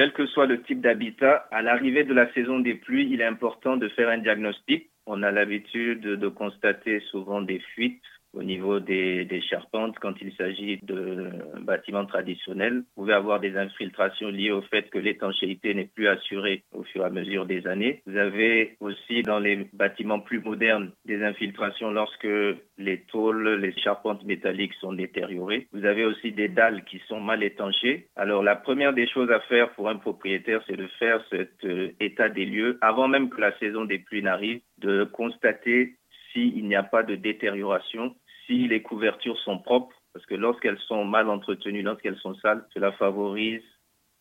Quel que soit le type d'habitat, à l'arrivée de la saison des pluies, il est important de faire un diagnostic. On a l'habitude de constater souvent des fuites au niveau des, des, charpentes, quand il s'agit de bâtiments traditionnels, vous pouvez avoir des infiltrations liées au fait que l'étanchéité n'est plus assurée au fur et à mesure des années. Vous avez aussi dans les bâtiments plus modernes des infiltrations lorsque les tôles, les charpentes métalliques sont détériorées. Vous avez aussi des dalles qui sont mal étanchées. Alors la première des choses à faire pour un propriétaire, c'est de faire cet euh, état des lieux avant même que la saison des pluies n'arrive, de constater s'il n'y a pas de détérioration, si mm. les couvertures sont propres, parce que lorsqu'elles sont mal entretenues, lorsqu'elles sont sales, cela favorise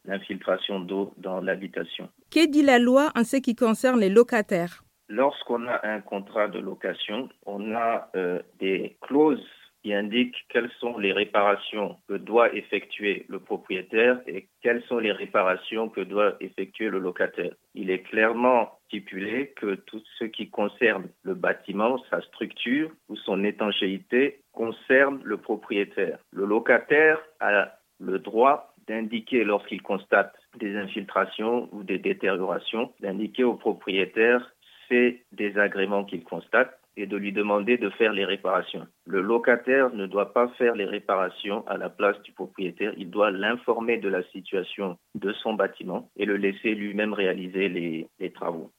l'infiltration d'eau dans l'habitation. Que dit la loi en ce qui concerne les locataires Lorsqu'on a un contrat de location, on a euh, des clauses il indique quelles sont les réparations que doit effectuer le propriétaire et quelles sont les réparations que doit effectuer le locataire. Il est clairement stipulé que tout ce qui concerne le bâtiment, sa structure ou son étanchéité concerne le propriétaire. Le locataire a le droit d'indiquer lorsqu'il constate des infiltrations ou des détériorations, d'indiquer au propriétaire ces désagréments qu'il constate et de lui demander de faire les réparations. Le locataire ne doit pas faire les réparations à la place du propriétaire, il doit l'informer de la situation de son bâtiment et le laisser lui-même réaliser les, travaux.